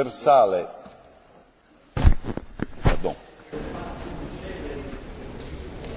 universale